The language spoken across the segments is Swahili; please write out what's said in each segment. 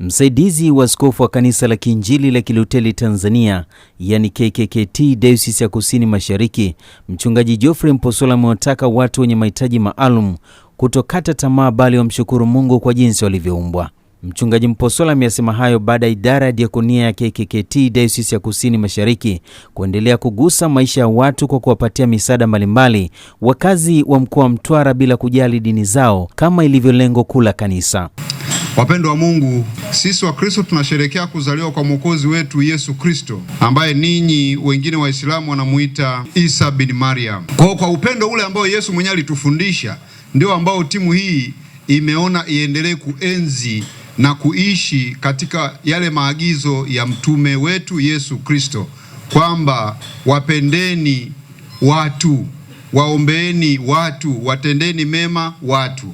Msaidizi wa askofu wa kanisa la Kiinjili la Kiluteli Tanzania, yani KKKT Dayosisi ya Kusini Mashariki, Mchungaji Geoffrey Mposola amewataka watu wenye mahitaji maalum kutokata tamaa bali wamshukuru Mungu kwa jinsi walivyoumbwa. Mchungaji Mposola ameyasema hayo baada ya idara ya diakonia ya KKKT Dayosisi ya Kusini Mashariki kuendelea kugusa maisha ya watu kwa kuwapatia misaada mbalimbali wakazi wa mkoa wa Mtwara bila kujali dini zao kama ilivyo lengo kuu la kanisa. Wapendo wa Mungu, sisi wa kristo tunasherekea kuzaliwa kwa mwokozi wetu Yesu Kristo, ambaye ninyi wengine Waislamu wanamuita Isa bin Mariam. Kwa kwa upendo ule ambao Yesu mwenyewe alitufundisha, ndio ambao timu hii imeona iendelee kuenzi na kuishi katika yale maagizo ya mtume wetu Yesu Kristo kwamba wapendeni watu waombeeni watu, watendeni mema watu.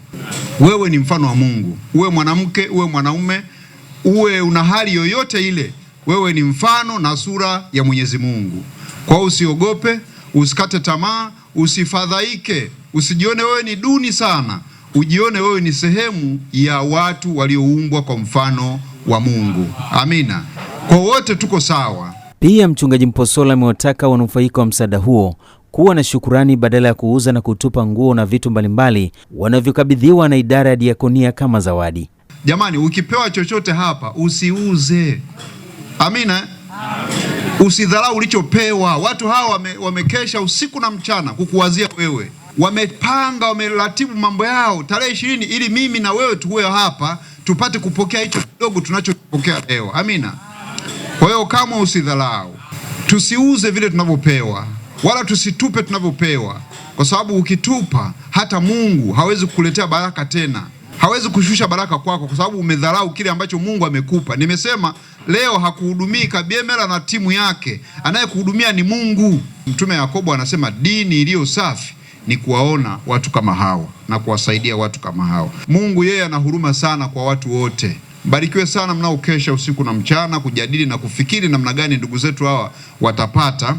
Wewe ni mfano wa Mungu, uwe mwanamke, uwe mwanaume, uwe una hali yoyote ile, wewe ni mfano na sura ya Mwenyezi Mungu. Kwa hiyo usiogope, usikate tamaa, usifadhaike, usijione wewe ni duni sana, ujione wewe ni sehemu ya watu walioumbwa kwa mfano wa Mungu. Amina, kwa wote tuko sawa. Pia Mchungaji Mposola amewataka wanufaika wa msaada huo kuwa na shukurani badala ya kuuza na kutupa nguo na vitu mbalimbali wanavyokabidhiwa na idara ya diakonia kama zawadi. Jamani, ukipewa chochote hapa usiuze. Amina, eh? usidharau ulichopewa. Watu hawa wame, wamekesha usiku na mchana kukuwazia wewe, wamepanga, wameratibu mambo yao tarehe ishirini ili mimi na wewe tuwe hapa tupate kupokea hicho kidogo tunachopokea leo. Amina. Kwa hiyo kama usidharau, tusiuze vile tunavyopewa wala tusitupe tunavyopewa, kwa sababu ukitupa hata Mungu hawezi kukuletea baraka tena, hawezi kushusha baraka kwako, kwa sababu umedharau kile ambacho Mungu amekupa. Nimesema leo hakuhudumii kabiemela na timu yake, anayekuhudumia ni Mungu. Mtume Yakobo anasema dini iliyo safi ni kuwaona watu kama hawa na kuwasaidia watu kama hawa. Mungu yeye ana huruma sana kwa watu wote. Mbarikiwe sana mnaokesha usiku na mchana kujadili na kufikiri namna gani ndugu zetu hawa watapata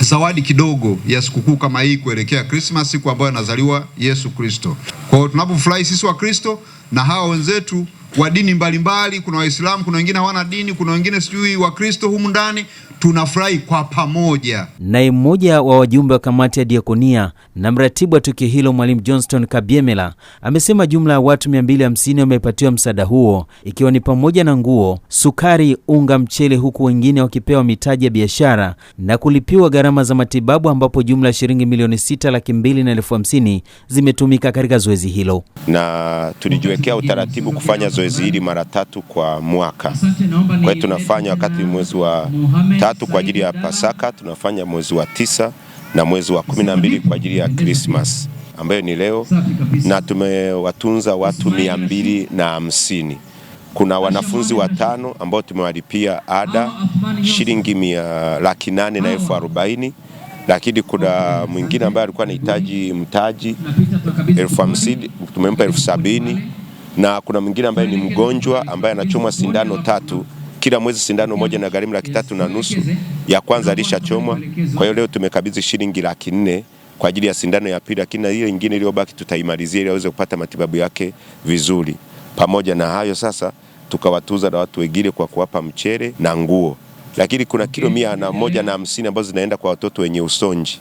zawadi kidogo ya sikukuu kama hii kuelekea krismas siku ambayo anazaliwa Yesu Kristo. Kwa hiyo tunapofurahi sisi wa Kristo na hawa wenzetu wa dini mbalimbali, kuna Waislamu, kuna wengine hawana dini, kuna wengine sijui Wakristo humu ndani, tunafurahi kwa pamoja. Naye mmoja wa wajumbe wa kamati ya diakonia na mratibu wa tukio hilo Mwalimu Johnston Kabyemela amesema jumla ya watu 250 wamepatiwa msaada huo, ikiwa ni pamoja na nguo, sukari, unga, mchele, huku wengine wakipewa mitaji ya biashara na kulipiwa gharama za matibabu, ambapo jumla ya shilingi milioni sita laki mbili na elfu hamsini zimetumika katika zoezi hilo, na tulijiwekea utaratibu kufanya zoezi zoezi hili mara tatu kwa mwaka. Kwa hiyo tunafanya wakati mwezi wa tatu kwa ajili ya Pasaka, tunafanya mwezi wa tisa na mwezi wa kumi na mbili kwa ajili ya Krismas ambayo ni leo, na tumewatunza watu mia mbili na hamsini. Kuna wanafunzi watano ambao tumewalipia ada shilingi mia laki nane na elfu arobaini lakini kuna mwingine ambaye alikuwa anahitaji mtaji elfu hamsini tumempa elfu sabini na kuna mwingine ambaye ni mm. mgonjwa ambaye anachomwa sindano tatu kila mwezi sindano moja na gharimu laki tatu na nusu. Ya kwanza alishachomwa, kwa hiyo leo tumekabidhi shilingi laki nne kwa ajili ya sindano ya pili, lakini na ile nyingine iliyobaki tutaimalizia ili aweze kupata matibabu yake vizuri. Pamoja na hayo sasa, tukawatuza na watu wengine kwa kuwapa mchele na nguo, lakini kuna kilo mia na moja na hamsini ambazo zinaenda kwa watoto wenye usonji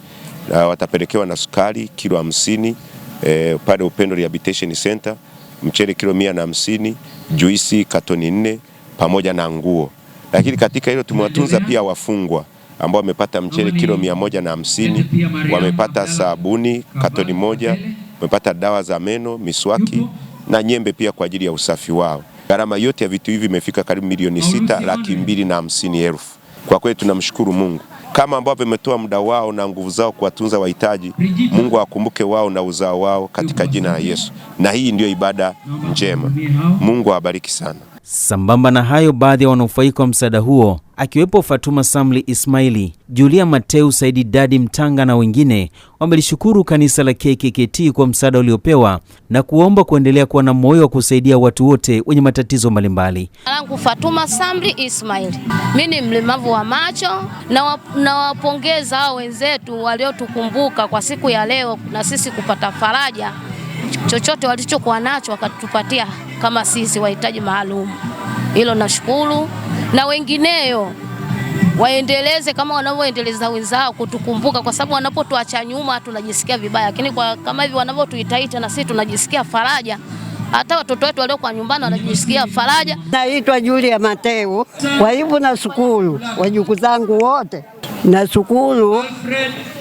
na watapelekewa na sukari kilo hamsini eh, pale Upendo Rehabilitation Center mchele kilo mia na hamsini, juisi katoni nne pamoja na nguo. Lakini katika hilo tumewatunza pia wafungwa ambao wamepata mchele kilo mia moja na hamsini, wamepata sabuni katoni moja, wamepata dawa za meno, miswaki na nyembe pia kwa ajili ya usafi wao. Gharama yote ya vitu hivi imefika karibu milioni sita laki mbili na hamsini elfu. Kwa kweli tunamshukuru Mungu kama ambavyo wametoa muda wao na nguvu zao kuwatunza wahitaji. Mungu awakumbuke wao na uzao wao katika jina la Yesu, na hii ndiyo ibada njema. Mungu awabariki sana. Sambamba na hayo, baadhi ya wanufaika wa msaada huo akiwepo Fatuma Samli Ismaili, Julia Mateu, Saidi Dadi Mtanga na wengine wamelishukuru kanisa la KKKT kwa msaada uliopewa na kuomba kuendelea kuwa na moyo wa kusaidia watu wote wenye matatizo mbalimbali. Langu Fatuma Samli Ismaili, mi ni mlemavu wa macho na nawapongeza hao wenzetu waliotukumbuka kwa siku ya leo na sisi kupata faraja chochote walichokuwa nacho wakatupatia kama sisi wahitaji maalum. Hilo nashukuru, na wengineyo waendeleze kama wanavyoendeleza wenzao kutukumbuka, kwa sababu wanapotuacha nyuma tunajisikia vibaya, lakini kwa kama hivi wanavyotuitaita na sisi tunajisikia faraja hata watoto wetu walio kwa nyumbani wanajisikia faraja. Naitwa Julia Mateo. Kwa hivyo nashukuru wajuku zangu wote, nashukuru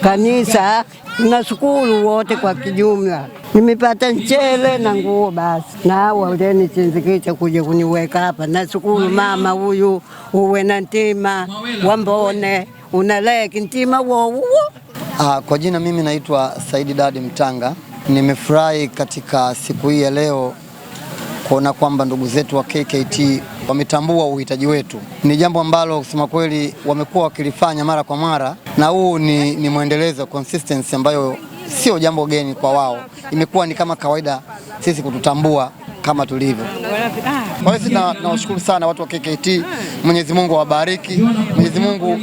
kanisa Nashukuru wote kwa kijumla, nimepata mchele na nguo basi, na waleni chinzikicha kuja kuniweka hapa. Nashukuru mama huyu, uwe na ntima wambone unaleki ntima wouo Ah, kwa jina mimi naitwa Saidi Dadi Mtanga. Nimefurahi katika siku hii ya leo kuona kwamba ndugu zetu wa kkt wametambua uhitaji wetu. Ni jambo ambalo kusema kweli wamekuwa wakilifanya mara kwa mara, na huu ni, ni mwendelezo consistency ambayo sio jambo geni kwa wao, imekuwa ni kama kawaida sisi kututambua kama tulivyo. Kwa hiyo na nawashukuru sana watu wa kkt Mwenyezi Mungu awabariki, Mwenyezi Mungu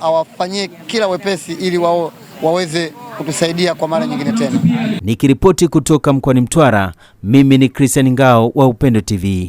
awafanyie kila wepesi ili wao waweze kutusaidia kwa mara nyingine tena. Nikiripoti kutoka mkoani Mtwara, mimi ni Christian Ngao wa Upendo TV.